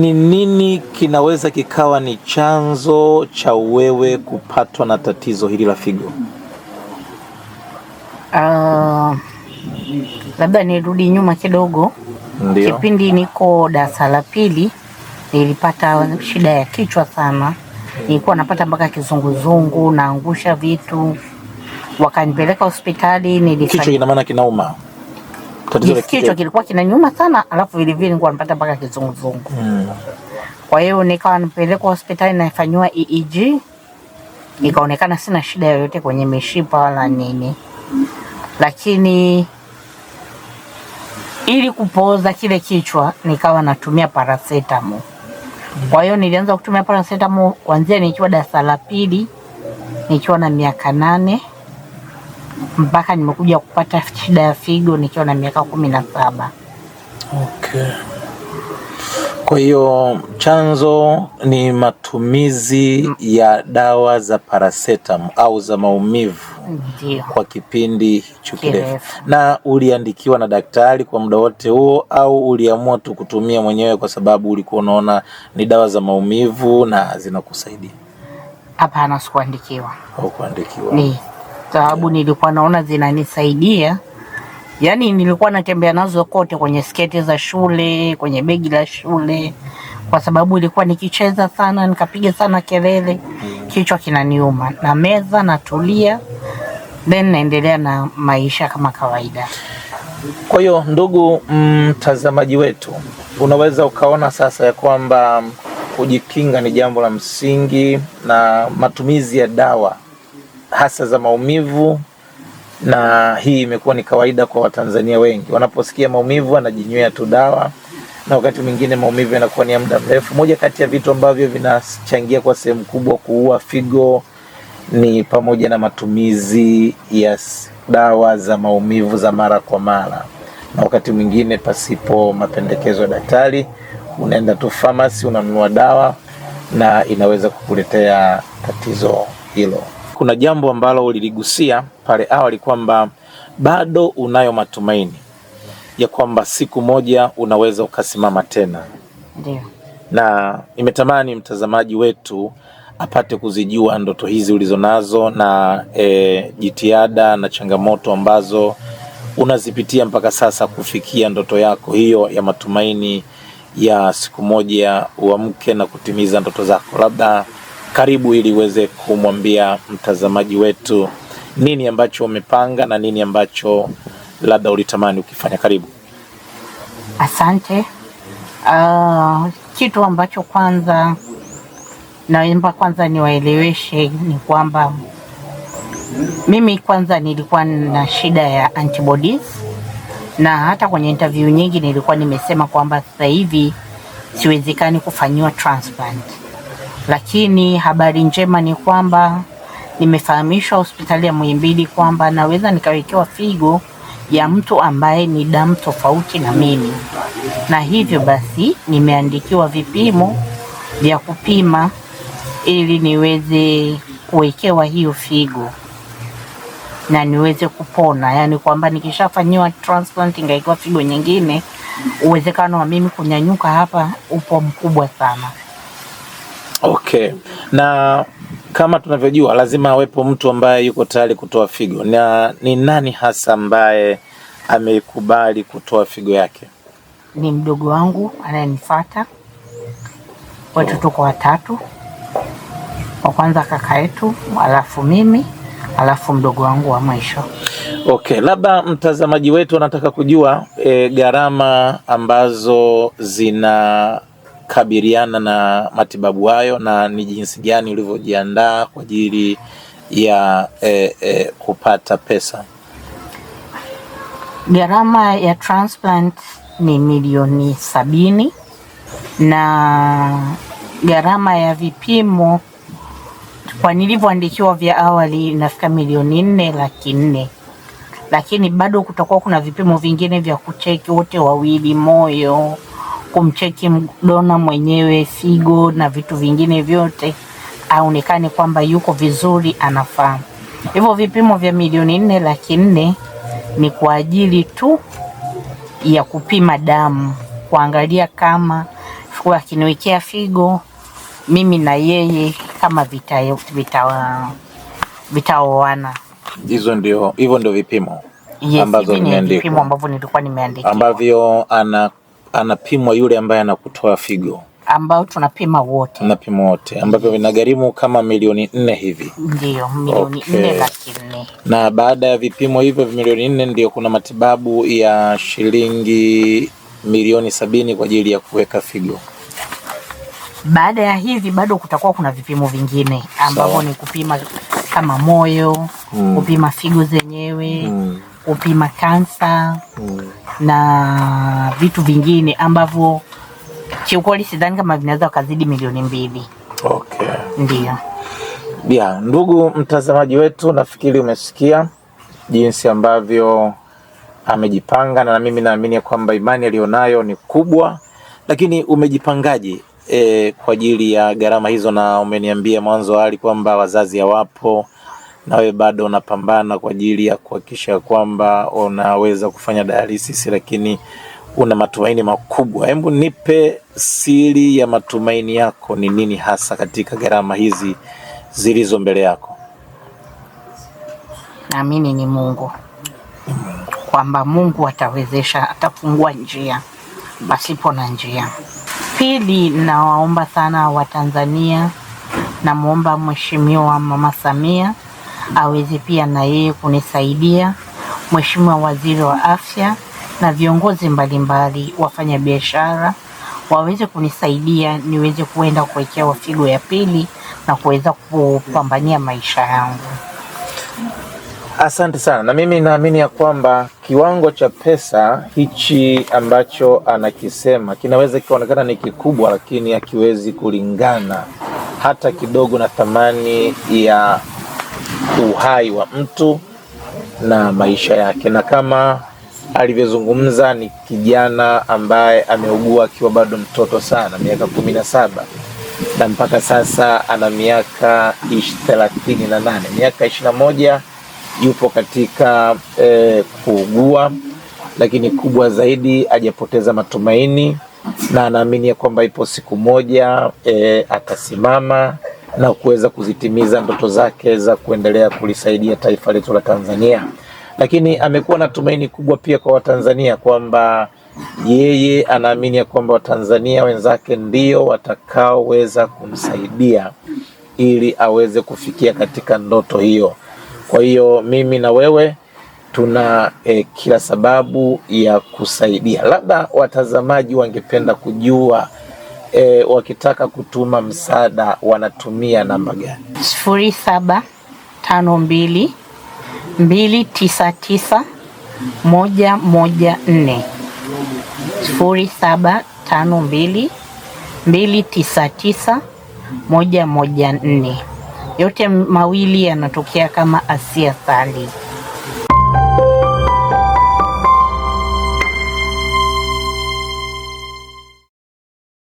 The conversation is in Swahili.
Ni nini kinaweza kikawa ni chanzo cha wewe kupatwa na tatizo hili la figo? Uh, labda nirudi nyuma kidogo. Ndiyo. Kipindi niko darasa la pili nilipata shida ya kichwa sana, nilikuwa napata mpaka kizunguzungu, naangusha vitu, wakanipeleka hospitali. Nilifanya kichwa, ina maana kinauma kichwa kilikuwa kinaniuma sana, alafu vilivile nilikuwa napata mpaka kizunguzungu hmm. Kwa hiyo nikawa nipelekwa hospitali nafanyiwa EEG nikaonekana sina shida yoyote kwenye mishipa wala nini, lakini ili kupooza kile kichwa nikawa natumia paracetamol. Kwa hiyo nilianza kutumia paracetamol kuanzia nikiwa darasa la pili nikiwa na miaka nane mpaka nimekuja kupata shida ya figo nikiwa na miaka kumi na saba. Okay. Kwa hiyo chanzo ni matumizi mm, ya dawa za paracetamol au za maumivu Ndiyo. kwa kipindi hicho kirefu. Na uliandikiwa na daktari kwa muda wote huo au uliamua tu kutumia mwenyewe kwa sababu ulikuwa unaona ni dawa za maumivu na zinakusaidia? Hapana, sikuandikiwa. Hukuandikiwa. kuandikiwa. Ni sababu nilikuwa naona zinanisaidia yaani nilikuwa natembea nazo kote, kwenye sketi za shule, kwenye begi la shule, kwa sababu ilikuwa nikicheza sana, nikapiga sana kelele, kichwa kinaniuma, na meza natulia, then naendelea na maisha kama kawaida. Kwa hiyo ndugu mtazamaji mm, wetu, unaweza ukaona sasa ya kwamba kujikinga ni jambo la msingi na matumizi ya dawa hasa za maumivu, na hii imekuwa ni kawaida kwa Watanzania wengi. Wanaposikia maumivu anajinywea tu dawa, na wakati mwingine maumivu yanakuwa ni ya muda mrefu. Moja kati ya vitu ambavyo vinachangia kwa sehemu kubwa kuua figo ni pamoja na matumizi ya yes, dawa za maumivu za mara kwa mara, na wakati mwingine pasipo mapendekezo ya daktari. Unaenda tu famasi unanunua dawa na inaweza kukuletea tatizo hilo kuna jambo ambalo uliligusia pale awali kwamba bado unayo matumaini ya kwamba siku moja unaweza ukasimama tena. Ndiyo. Na nimetamani mtazamaji wetu apate kuzijua ndoto hizi ulizonazo na e, jitihada na changamoto ambazo unazipitia mpaka sasa kufikia ndoto yako hiyo ya matumaini ya siku moja uamke na kutimiza ndoto zako. Labda karibu ili uweze kumwambia mtazamaji wetu nini ambacho umepanga na nini ambacho labda ulitamani ukifanya. Karibu. Asante. Uh, kitu ambacho kwanza naomba kwanza niwaeleweshe ni kwamba mimi kwanza nilikuwa na shida ya antibodies na hata kwenye interview nyingi nilikuwa nimesema kwamba sasa hivi siwezekani kufanyiwa transplant lakini habari njema ni kwamba nimefahamishwa hospitali ya Muhimbili kwamba naweza nikawekewa figo ya mtu ambaye ni damu tofauti na mimi, na hivyo basi nimeandikiwa vipimo vya kupima ili niweze kuwekewa hiyo figo na niweze kupona, yaani kwamba nikishafanyiwa transplant ingawekewa figo nyingine, uwezekano wa mimi kunyanyuka hapa upo mkubwa sana. Okay. Na kama tunavyojua lazima awepo mtu ambaye yuko tayari kutoa figo. Na ni nani hasa ambaye amekubali kutoa figo yake? Ni mdogo wangu anayenifuata, Watu tuko watatu, wa kwanza kaka yetu, alafu mimi, alafu mdogo wangu wa mwisho. Okay, labda mtazamaji wetu anataka kujua e, gharama ambazo zina kabiliana na matibabu hayo na ni jinsi gani ulivyojiandaa kwa ajili ya eh, eh, kupata pesa? Gharama ya transplant ni milioni sabini na gharama ya vipimo kwa nilivyoandikiwa vya awali inafika milioni nne laki nne, lakini bado kutakuwa kuna vipimo vingine vya kucheki wote wawili, moyo kumcheki Dona mwenyewe, figo na vitu vingine vyote, aonekane kwamba yuko vizuri, anafaa. Hivyo vipimo vya milioni nne laki nne ni kwa ajili tu ya kupima damu, kuangalia kama akiniwekea figo mimi na yeye kama vitaoana vita, vita hizo ndio hivyo ndio vipimo yes, ambavyo nimeandika ambavyo nilikuwa nimeandika ambavyo ana anapimwa yule ambaye anakutoa figo ambao tunapima wote, napima wote ambavyo vinagharimu kama milioni nne hivi. Ndio, milioni okay. nne laki nne. Na baada ya vipimo hivyo milioni nne ndio kuna matibabu ya shilingi milioni sabini kwa ajili ya kuweka figo. Baada ya hivi bado kutakuwa kuna vipimo vingine ambavyo ni kupima kama moyo, hmm. kupima figo zenyewe, hmm. kupima kansa hmm na vitu vingine ambavyo kiukweli sidhani kama vinaweza kuzidi milioni mbili. Okay. Ndio. Ya, ndugu mtazamaji wetu, nafikiri umesikia jinsi ambavyo amejipanga, na mimi naamini kwamba imani aliyonayo ni kubwa, lakini umejipangaje e, kwa ajili ya gharama hizo? Na umeniambia mwanzo hali kwamba wazazi hawapo nawe bado unapambana kwa ajili ya kuhakikisha kwamba unaweza kufanya dialysis, lakini una matumaini makubwa. Hebu nipe siri ya matumaini yako ni nini hasa katika gharama hizi zilizo mbele yako? Naamini ni Mungu, kwamba Mungu atawezesha, atafungua njia pasipo na njia. Pili, nawaomba sana Watanzania, namwomba Mheshimiwa Mama Samia aweze pia na yeye kunisaidia Mheshimiwa Waziri wa Afya na viongozi mbalimbali, wafanya biashara waweze kunisaidia niweze kuenda kuwekewa figo ya pili na kuweza kupambania maisha yangu. Asante sana. Na mimi naamini ya kwamba kiwango cha pesa hichi ambacho anakisema kinaweza kikaonekana ni kikubwa, lakini hakiwezi kulingana hata kidogo na thamani ya uhai wa mtu na maisha yake, na kama alivyozungumza ni kijana ambaye ameugua akiwa bado mtoto sana, miaka kumi na saba na mpaka sasa ana miaka thelathini na nane miaka ishirini na moja yupo katika e, kuugua, lakini kubwa zaidi ajapoteza matumaini na anaamini ya kwamba ipo siku moja e, atasimama na kuweza kuzitimiza ndoto zake za kuendelea kulisaidia taifa letu la Tanzania. Lakini amekuwa na tumaini kubwa pia kwa Watanzania kwamba yeye anaamini ya kwamba Watanzania wenzake ndio watakaoweza kumsaidia ili aweze kufikia katika ndoto hiyo. Kwa hiyo mimi na wewe tuna eh, kila sababu ya kusaidia. Labda watazamaji wangependa kujua e, wakitaka kutuma msaada wanatumia namba gani? sifuri saba tano mbili mbili tisa tisa moja moja nne sifuri saba tano mbili mbili tisa tisa moja moja nne. Yote mawili yanatokea kama Asia Sali.